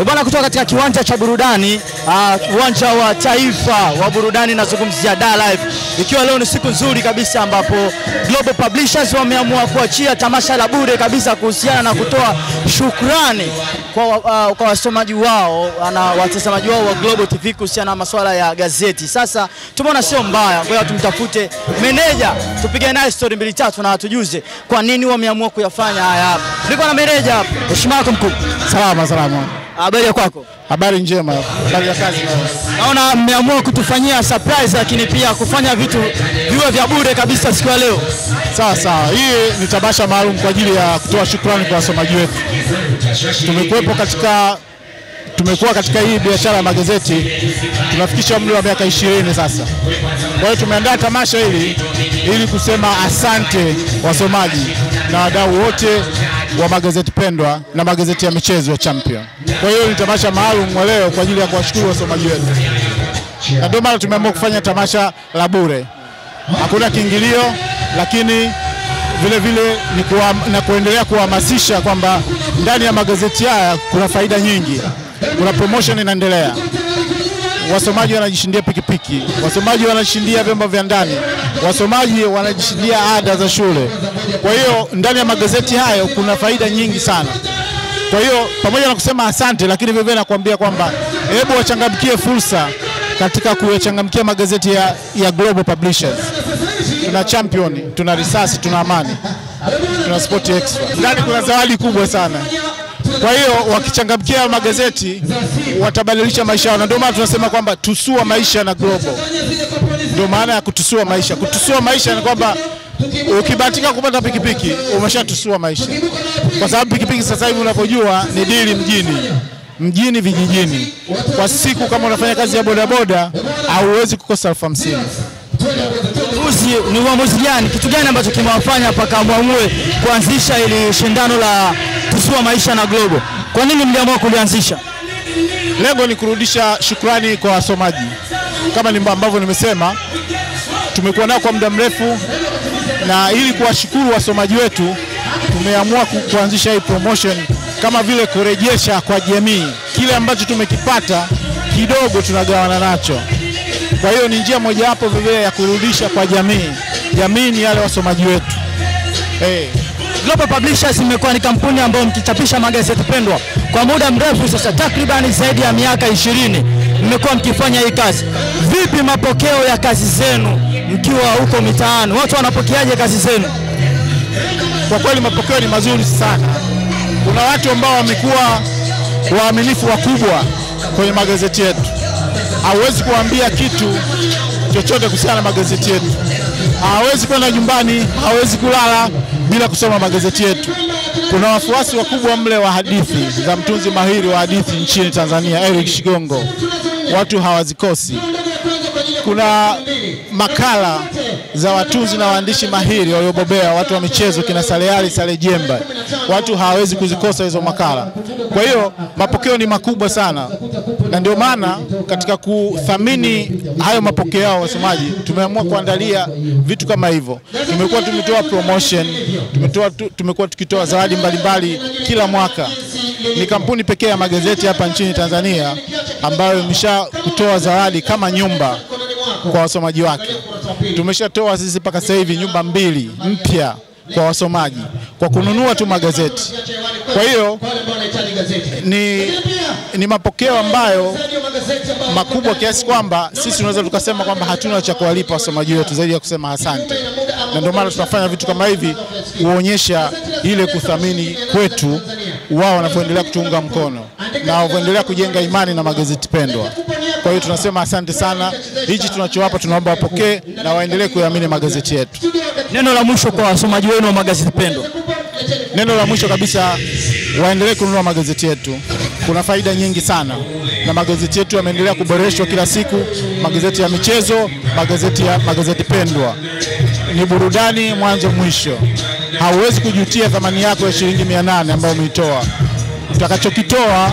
E bwana, kutoka katika kiwanja cha burudani uwanja ah, uh, wa taifa wa burudani, nazungumzia Da Live, ikiwa leo ni siku nzuri kabisa ambapo Global Publishers wameamua kuachia tamasha la bure kabisa kuhusiana na kutoa shukrani kwa, uh, kwa wasomaji wao ah, na watazamaji wao wa Global TV kuhusiana na masuala ya gazeti. Sasa tumeona sio mbaya, kwa hiyo tumtafute meneja tupige naye story mbili tatu na atujuze kwa nini wameamua kuyafanya haya. Niko na meneja hapa. Heshima yako mkubwa. Salama salama. Habari ya kwako? Habari njema. Habari ya kazi. Naona mmeamua kutufanyia surprise lakini pia kufanya vitu viwe vya bure kabisa siku ya leo. Sawa sawa. Hii ni tamasha maalum kwa ajili ya kutoa shukrani kwa wasomaji wetu. Tumekuwepo katika tumekuwa katika hii biashara ya magazeti tunafikisha umri wa miaka ishirini sasa. Kwa hiyo tumeandaa tamasha hili ili kusema asante wasomaji na wadau wote wa magazeti pendwa na magazeti ya michezo ya Champion. Kwa hiyo ni tamasha maalum leo kwa ajili ya kuwashukuru wasomaji wetu, na ndio maana tumeamua kufanya tamasha la bure, hakuna kiingilio, lakini vile vile ni kuwa, na kuendelea kuhamasisha kwamba ndani ya magazeti haya kuna faida nyingi, kuna promotion inaendelea, wasomaji wanajishindia pikipiki, wasomaji wanajishindia vyombo vya ndani, wasomaji wanajishindia ada za shule, kwa hiyo ndani ya magazeti hayo kuna faida nyingi sana. Kwa hiyo pamoja na kusema asante, lakini vivyo nakwambia kwamba hebu wachangamkie fursa katika kuyachangamkia magazeti ya, ya Global Publishers. Tuna Champion, tuna Risasi, tuna Amani, tuna Sport Extra. Ndani kuna zawadi kubwa sana. Kwa hiyo wakichangamkia magazeti watabadilisha maisha yao, na ndio maana tunasema kwamba tusua maisha na Global. Ndio maana ya kutusua maisha. Kutusua maisha ni kwamba ukibahatika kupata pikipiki umeshatusua maisha, kwa sababu pikipiki sasa hivi unavyojua ni dili mjini mjini vijijini. Kwa siku kama unafanya kazi ya bodaboda, hauwezi kukosa elfu hamsini. Uzi ni uamuzi gani, kitu gani ambacho kimewafanya mpaka mwamue kuanzisha ili shindano la tusua maisha na Global? Kwa nini mliamua kulianzisha? Lengo ni kurudisha shukrani kwa wasomaji, kama ambavyo nimesema, tumekuwa nao kwa muda mrefu na ili kuwashukuru wasomaji wetu tumeamua kuanzisha hii promotion kama vile kurejesha kwa jamii kile ambacho tumekipata kidogo tunagawana nacho. Kwa hiyo ni njia mojawapo vile ya kurudisha kwa jamii. Jamii ni yale wasomaji wetu. Hey. Eh. Global Publishers imekuwa ni kampuni ambayo mkichapisha magazeti pendwa kwa muda mrefu sasa, takribani zaidi ya miaka ishirini mmekuwa mkifanya hii kazi. Vipi mapokeo ya kazi zenu? mkiwa huko mitaani, watu wanapokeaje kazi zenu? Kwa kweli mapokeo ni mazuri sana. Kuna watu ambao wamekuwa waaminifu wakubwa kwenye magazeti yetu. Hauwezi kuambia kitu chochote kuhusiana na magazeti yetu, hawezi kwenda nyumbani, hawezi kulala bila kusoma magazeti yetu. Kuna wafuasi wakubwa mle wa hadithi za mtunzi mahiri wa hadithi nchini Tanzania, Eric Shigongo, watu hawazikosi kuna makala za watunzi na waandishi mahiri waliobobea, watu wa michezo, kina Saleali Salejemba, watu hawawezi kuzikosa hizo makala. Kwa hiyo mapokeo ni makubwa sana, na ndio maana katika kuthamini hayo mapokeo yao wasomaji, tumeamua kuandalia vitu kama hivyo. Tumekuwa tumetoa promotion, tumetoa tumekuwa tukitoa zawadi mbalimbali kila mwaka. Ni kampuni pekee ya magazeti hapa nchini Tanzania ambayo imesha kutoa zawadi kama nyumba kwa wasomaji wake. Tumeshatoa sisi mpaka sasa hivi nyumba mbili mpya kwa wasomaji kwa kununua tu magazeti. Kwa hiyo ni, ni mapokeo ambayo makubwa kiasi kwamba sisi tunaweza tukasema kwamba hatuna cha kuwalipa wasomaji wetu zaidi ya kusema asante, na ndio maana tunafanya vitu kama hivi kuonyesha ile kuthamini kwetu wao wanavyoendelea kutuunga mkono na waendelea kujenga imani na magazeti pendwa. Kwa hiyo tunasema asante sana, hichi tunachowapa tunaomba wapokee na waendelee kuyaamini magazeti yetu. Neno la mwisho kwa wasomaji wenu wa magazeti pendwa. Neno la mwisho kabisa, waendelee kununua magazeti yetu, kuna faida nyingi sana na magazeti yetu yameendelea kuboreshwa kila siku, magazeti ya michezo, magazeti ya magazeti pendwa ni burudani mwanzo mwisho. Hauwezi kujutia thamani yako ya shilingi mia nane ambayo umeitoa utakachokitoa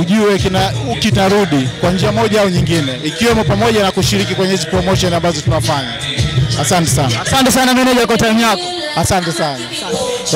ujue kina, kinarudi kwa njia moja au nyingine, ikiwemo pamoja na kushiriki kwenye hizi promotion ambazo tunafanya. Asante sana, asante sana meneja kwa time yako. Asante sana.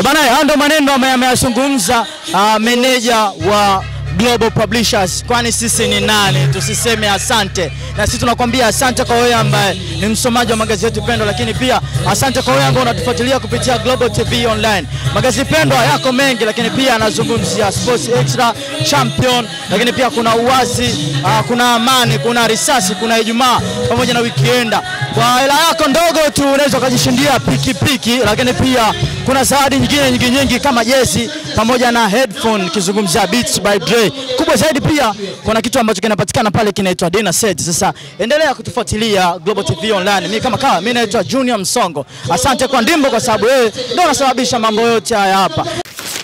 Bwana, hayo ndo maneno ambayo ameyazungumza ah, meneja wa Global Publishers, kwani sisi ni nani tusiseme asante? Na sisi tunakwambia asante kwa wewe ambaye ni msomaji wa magazeti pendwa, lakini pia asante kwa wewe ambaye unatufuatilia kupitia Global TV Online. Magazeti pendwa yako mengi, lakini pia anazungumzia Sports Extra, Champion, lakini pia kuna Uwazi, uh, ah, kuna Amani, kuna Risasi, kuna Ijumaa pamoja na Wikienda. Kwa hela yako ndogo tu unaweza ukajishindia pikipiki, lakini pia kuna zawadi nyingine nyingi nyingi kama jezi pamoja na headphone, kizungumzia Beats by Dre. Kubwa zaidi pia kuna kitu ambacho kinapatikana pale kinaitwa dina set. Sasa endelea kutufuatilia Global TV Online. Mimi kama kawa, mimi naitwa Junior Msongo. Asante kwa Ndimbo kwa sababu wewe ndio unasababisha mambo yote haya hapa.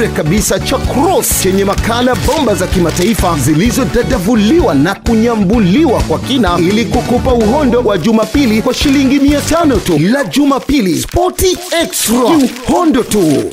bure kabisa cha Cross chenye makala bomba za kimataifa zilizodadavuliwa na kunyambuliwa kwa kina ili kukupa uhondo wa Jumapili kwa shilingi 500 tu. La Jumapili, Sporty extra, uhondo tu.